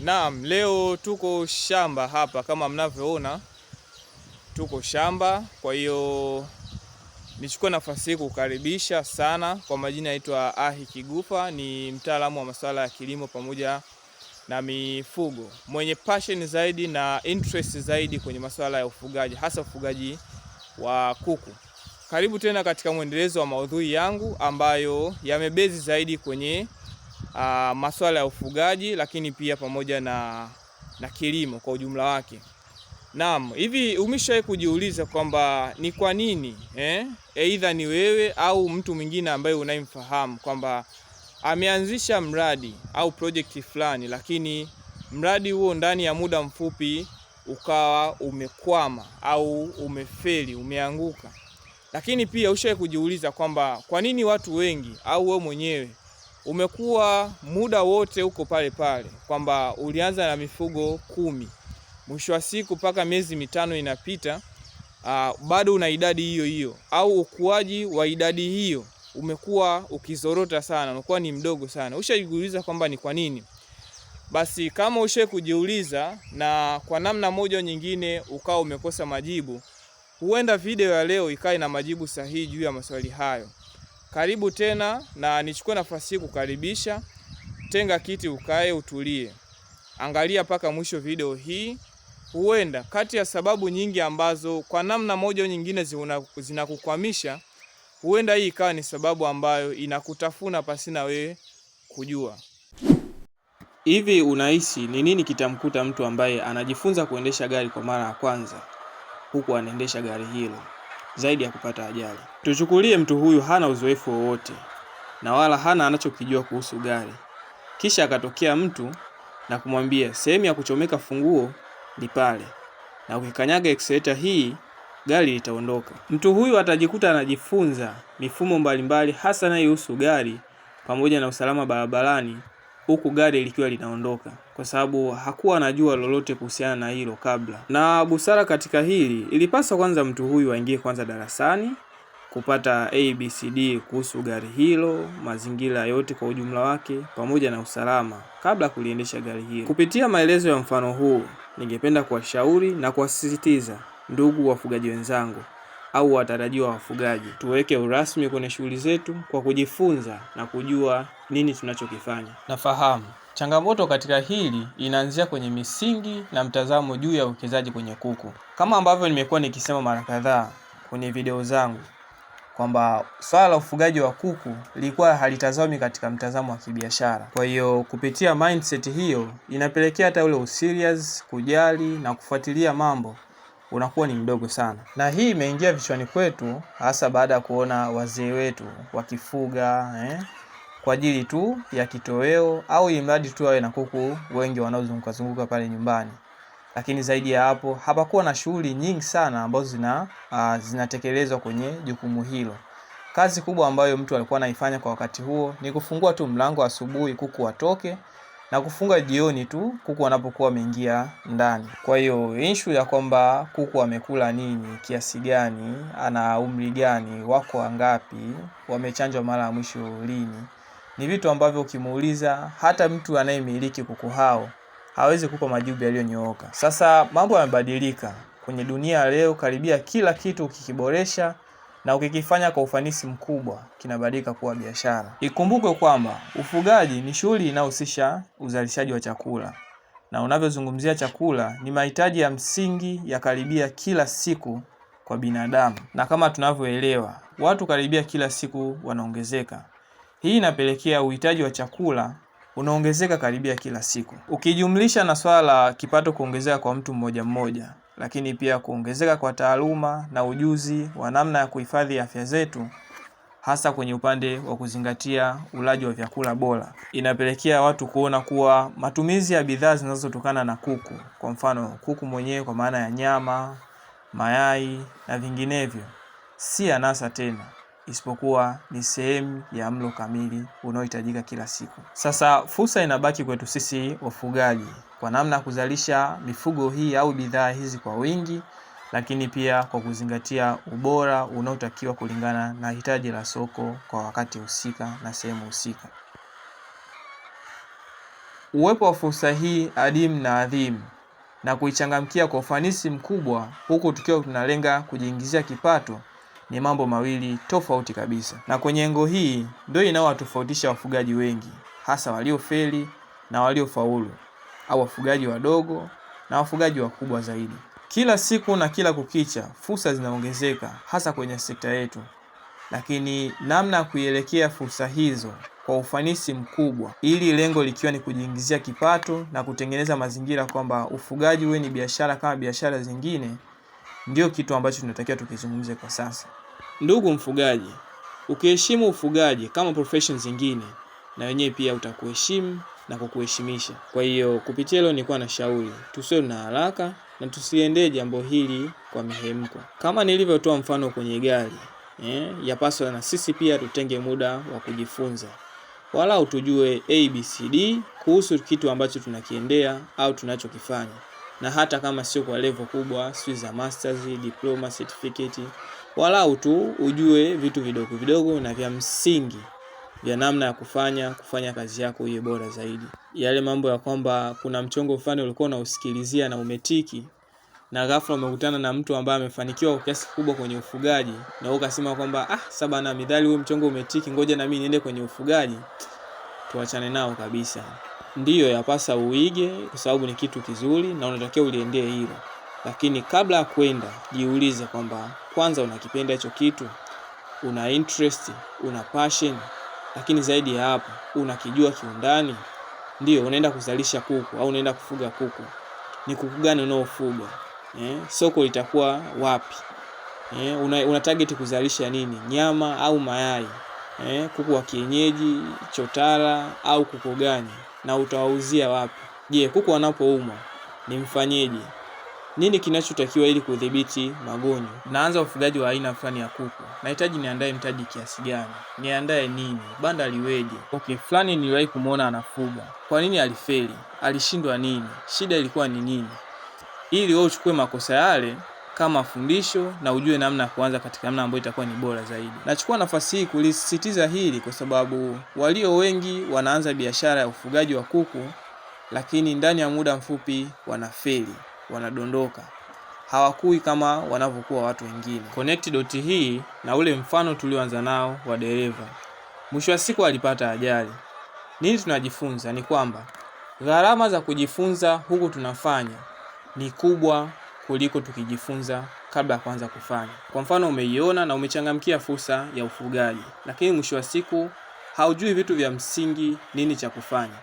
Naam, leo tuko shamba hapa kama mnavyoona, tuko shamba. Kwa hiyo nichukue nafasi hii kukaribisha sana. Kwa majina yanaitwa Ahi Kigufa, ni mtaalamu wa masuala ya kilimo pamoja na mifugo, mwenye passion zaidi na interest zaidi kwenye masuala ya ufugaji, hasa ufugaji wa kuku. Karibu tena katika mwendelezo wa maudhui yangu ambayo yamebezi zaidi kwenye uh, ah, masuala ya ufugaji, lakini pia pamoja na, na kilimo kwa ujumla wake. Naam, hivi umeshawahi kujiuliza kwamba ni kwa nini eh, aidha ni wewe au mtu mwingine ambaye unayemfahamu kwamba ameanzisha mradi au project fulani, lakini mradi huo ndani ya muda mfupi ukawa umekwama au umefeli, umeanguka. Lakini pia ushawahi kujiuliza kwamba kwa nini watu wengi au wewe mwenyewe umekuwa muda wote uko pale pale, kwamba ulianza na mifugo kumi, mwisho wa siku mpaka miezi mitano inapita, uh, bado una idadi hiyo hiyo, au ukuaji wa idadi hiyo umekuwa ukizorota sana, umekuwa ni mdogo sana. Ushajiuliza kwamba ni kwa nini? Basi kama ushe kujiuliza na kwa namna moja nyingine ukawa umekosa majibu, huenda video ya leo ikae na majibu sahihi juu ya maswali hayo. Karibu tena, na nichukue nafasi hii kukaribisha. Tenga kiti, ukae, utulie, angalia mpaka mwisho video hii. Huenda kati ya sababu nyingi ambazo kwa namna moja au nyingine zinakukwamisha, huenda hii ikawa ni sababu ambayo inakutafuna pasina wewe kujua. Hivi unahisi ni nini kitamkuta mtu ambaye anajifunza kuendesha gari kwa mara ya kwanza huku anaendesha gari hilo? zaidi ya kupata ajali. Tuchukulie mtu huyu hana uzoefu wowote na wala hana anachokijua kuhusu gari, kisha akatokea mtu na kumwambia sehemu ya kuchomeka funguo ni pale, na ukikanyaga accelerator hii gari litaondoka. Mtu huyu atajikuta anajifunza mifumo mbalimbali, hasa inayohusu gari pamoja na usalama barabarani huku gari likiwa linaondoka, kwa sababu hakuwa anajua lolote kuhusiana na hilo kabla. Na busara katika hili ilipaswa kwanza mtu huyu aingie kwanza darasani kupata ABCD kuhusu gari hilo, mazingira yote kwa ujumla wake, pamoja na usalama kabla kuliendesha gari hilo. Kupitia maelezo ya mfano huu, ningependa kuwashauri na kuwasisitiza ndugu wafugaji wenzangu au watarajiwa wafugaji. Tuweke urasmi kwenye shughuli zetu kwa kujifunza na kujua nini tunachokifanya. Nafahamu changamoto katika hili inaanzia kwenye misingi na mtazamo juu ya uwekezaji kwenye kuku, kama ambavyo nimekuwa nikisema mara kadhaa kwenye video zangu kwamba swala la ufugaji wa kuku lilikuwa halitazami katika mtazamo wa kibiashara. Kwa hiyo kupitia mindset hiyo inapelekea hata ule userious, kujali na kufuatilia mambo unakuwa ni mdogo sana, na hii imeingia vichwani kwetu hasa baada ya kuona wazee wetu wakifuga eh, kwa ajili tu ya kitoweo au imradi tu awe na kuku wengi wanaozunguka zunguka pale nyumbani. Lakini zaidi ya hapo hapakuwa na shughuli nyingi sana ambazo zina uh, zinatekelezwa kwenye jukumu hilo. Kazi kubwa ambayo mtu alikuwa anaifanya kwa wakati huo ni kufungua tu mlango asubuhi, kuku watoke, na kufunga jioni tu kuku wanapokuwa wameingia ndani. Kwa hiyo inshu ya kwamba kuku amekula nini, kiasi gani, ana umri gani, wako wangapi, wamechanjwa mara ya mwisho lini, ni vitu ambavyo ukimuuliza hata mtu anayemiliki kuku hao hawezi kupa majibu yaliyonyooka. Sasa mambo yamebadilika kwenye dunia leo, karibia kila kitu ukikiboresha na ukikifanya kwa ufanisi mkubwa kinabadilika kuwa biashara. Ikumbukwe kwamba ufugaji ni shughuli inayohusisha uzalishaji wa chakula, na unavyozungumzia chakula ni mahitaji ya msingi ya karibia kila siku kwa binadamu, na kama tunavyoelewa watu karibia kila siku wanaongezeka. Hii inapelekea uhitaji wa chakula unaongezeka karibia kila siku, ukijumlisha na swala la kipato kuongezeka kwa mtu mmoja mmoja lakini pia kuongezeka kwa taaluma na ujuzi wa namna ya kuhifadhi afya zetu hasa kwenye upande wa kuzingatia ulaji wa vyakula bora. Inapelekea watu kuona kuwa matumizi ya bidhaa zinazotokana na kuku, kwa mfano kuku mwenyewe kwa maana ya nyama, mayai na vinginevyo, si anasa tena, isipokuwa ni sehemu ya mlo kamili unaohitajika kila siku. Sasa fursa inabaki kwetu sisi wafugaji kwa namna ya kuzalisha mifugo hii au bidhaa hizi kwa wingi, lakini pia kwa kuzingatia ubora unaotakiwa kulingana na hitaji la soko kwa wakati husika na sehemu husika. Uwepo wa fursa hii adimu na adhimu na kuichangamkia kwa ufanisi mkubwa, huku tukiwa tunalenga kujiingizia kipato, ni mambo mawili tofauti kabisa, na kwenye engo hii ndio inaowatofautisha wafugaji wengi, hasa waliofeli na waliofaulu au wafugaji wadogo na wafugaji wakubwa zaidi. Kila siku na kila kukicha, fursa zinaongezeka hasa kwenye sekta yetu, lakini namna ya kuielekea fursa hizo kwa ufanisi mkubwa, ili lengo likiwa ni kujiingizia kipato na kutengeneza mazingira kwamba ufugaji uwe ni biashara kama biashara zingine, ndio kitu ambacho tunatakiwa tukizungumze kwa sasa. Ndugu mfugaji, ukiheshimu ufugaji kama profession zingine, na wenyewe pia utakuheshimu na kukuheshimisha. Kwa hiyo kupitia hilo nilikuwa na shauri tusiwe na haraka na tusiendee jambo hili kwa mihemko, kama nilivyotoa mfano kwenye gari eh, yapaswa na sisi pia tutenge muda wa kujifunza walau utujue ABCD kuhusu kitu ambacho tunakiendea au tunachokifanya, na hata kama sio kwa level kubwa, sio za masters, diploma, certificate, walau tu ujue vitu vidogo vidogo na vya msingi vya namna ya kufanya kufanya kazi yako iwe bora zaidi. Yale mambo ya kwamba kuna mchongo fulani ulikuwa unausikilizia na umetiki na ghafla umekutana na mtu ambaye amefanikiwa kwa kiasi kikubwa kwenye ufugaji na wewe ukasema kwamba ah, saba na midhali huyu mchongo umetiki, ngoja na mimi niende kwenye ufugaji. Tuachane nao kabisa. Ndiyo, yapasa uige kwa sababu ni kitu kizuri na unatakiwa uliendee hilo, lakini kabla ya kwenda jiulize kwamba kwanza unakipenda hicho kitu, una interest, una passion lakini zaidi ya hapo, unakijua kiundani? Ndio, unaenda kuzalisha kuku au unaenda kufuga kuku. Ni kuku gani unaofuga? Eh, soko litakuwa wapi? Eh, una, una target kuzalisha nini? Nyama au mayai? Eh, kuku wa kienyeji, chotara au kuku gani? Na utawauzia wapi? Je, kuku wanapouma ni mfanyeje? Nini kinachotakiwa ili kudhibiti magonjwa? Naanza ufugaji wa aina fulani ya kuku. Nahitaji niandae mtaji kiasi gani? Niandae nini? Banda liweje? Okay, fulani niliwahi kumwona anafuga. Kwa nini alifeli? Alishindwa nini? Shida ilikuwa ni nini? Ili wewe uchukue makosa yale kama fundisho na ujue namna ya kuanza katika namna ambayo itakuwa ni bora zaidi. Nachukua nafasi hii kulisisitiza hili kwa sababu walio wengi wanaanza biashara ya ufugaji wa kuku, lakini ndani ya muda mfupi wanafeli wanadondoka, hawakui kama wanavyokuwa watu wengine. Connect dot hii na ule mfano tulioanza nao wa dereva, mwisho wa siku alipata ajali. Nini tunajifunza ni kwamba gharama za kujifunza huku tunafanya ni kubwa kuliko tukijifunza kabla ya kuanza kufanya. Kwa mfano, umeiona na umechangamkia fursa ya ufugaji, lakini mwisho wa siku haujui vitu vya msingi, nini cha kufanya.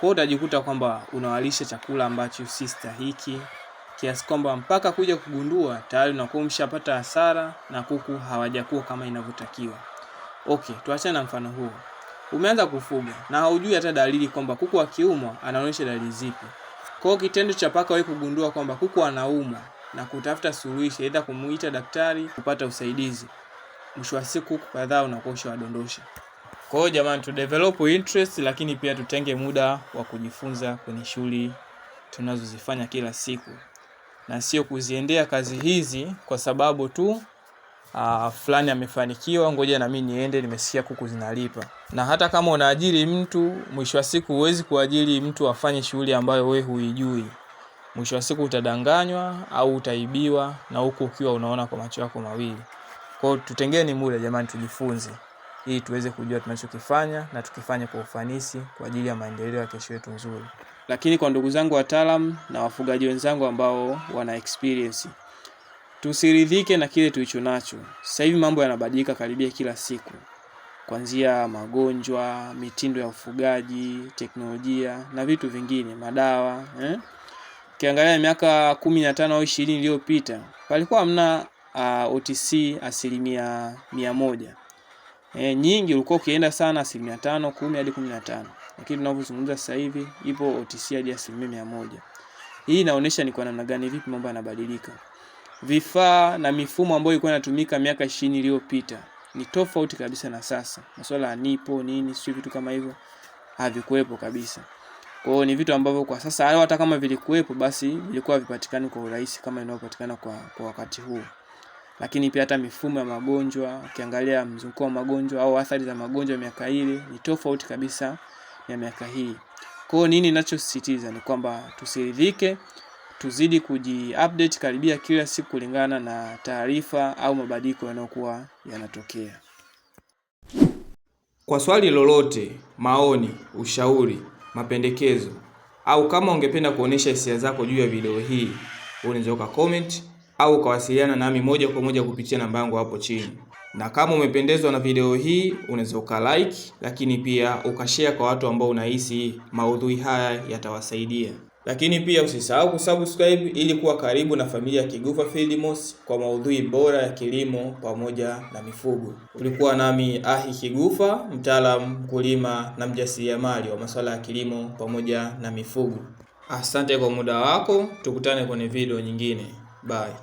Kwa hiyo utajikuta kwamba unawalisha chakula ambacho si stahiki kiasi kwamba mpaka kuja kugundua tayari unakuwa umeshapata hasara na kuku hawajakuwa kama inavyotakiwa. Okay, tuachane na mfano huo. Umeanza kufuga na haujui hata dalili kwamba kuku akiumwa anaonyesha dalili zipi. Kwa hiyo kitendo cha paka wewe kugundua kwamba kuku anaumwa na kutafuta suluhisho, aidha kumuita daktari, kupata usaidizi, mwisho wa siku kuku kadhaa unakuwa ushawadondosha. Kwa hiyo jamani, tu develop interest, lakini pia tutenge muda wa kujifunza kwenye shughuli tunazozifanya kila siku na sio kuziendea kazi hizi kwa sababu tu uh, fulani amefanikiwa, ngoja na mimi niende, nimesikia kuku zinalipa. Na hata kama unaajiri mtu, mwisho wa siku huwezi kuajiri mtu afanye shughuli ambayo we huijui. Mwisho wa siku utadanganywa au utaibiwa, na huku ukiwa unaona kwa macho yako mawili. Kwao tutengeni muda jamani, tujifunze ili tuweze kujua tunachokifanya na tukifanye kwa ufanisi kwa ajili ya maendeleo ya kesho yetu nzuri. Lakini kwa ndugu zangu wataalamu na wafugaji wenzangu ambao wana experience, tusiridhike na kile tulicho nacho. Sasa hivi mambo yanabadilika karibia kila siku, kuanzia magonjwa, mitindo ya ufugaji, teknolojia na vitu vingine, madawa eh? Ukiangalia miaka kumi na tano au ishirini iliyopita palikuwa hamna uh, ah, OTC asilimia mia moja e, nyingi ulikuwa ukienda sana asilimia tano kumi hadi kumi na tano lakini tunavyozungumza sasa hivi ipo OTC hadi asilimia mia moja. Hii inaonyesha ni kwa namna gani vipi mambo yanabadilika. Vifaa na mifumo ambayo ilikuwa inatumika miaka ishirini iliyopita ni tofauti kabisa na sasa. Masuala ya nipo nini, sio vitu kama hivyo havikuwepo kabisa. Kwa hiyo ni vitu ambavyo kwa sasa hata kama vilikuwepo basi vilikuwa vipatikani kwa urahisi kama inavyopatikana kwa, kwa wakati huu. Lakini pia hata mifumo ya magonjwa, ukiangalia mzunguko wa magonjwa au athari za magonjwa miaka ile ni tofauti kabisa na miaka hii. Kwa hiyo nini ninachosisitiza ni kwamba tusiridhike, tuzidi kujiupdate karibia kila siku kulingana na taarifa au mabadiliko yanayokuwa yanatokea. Kwa swali lolote, maoni, ushauri, mapendekezo au kama ungependa kuonesha hisia zako juu ya video hii, unaweza comment au ukawasiliana nami moja kwa moja kupitia namba yangu hapo chini. Na kama umependezwa na video hii unaweza uka like, lakini pia ukashare kwa watu ambao unahisi maudhui haya yatawasaidia. Lakini pia usisahau kusubscribe ili kuwa karibu na familia ya Kigufa Fieldmost kwa maudhui bora ya kilimo pamoja na mifugo. Ulikuwa nami Ahi Kigufa, mtaalamu mkulima na mjasiriamali wa masuala ya kilimo pamoja na mifugo. Asante kwa muda wako, tukutane kwenye video nyingine. Bye.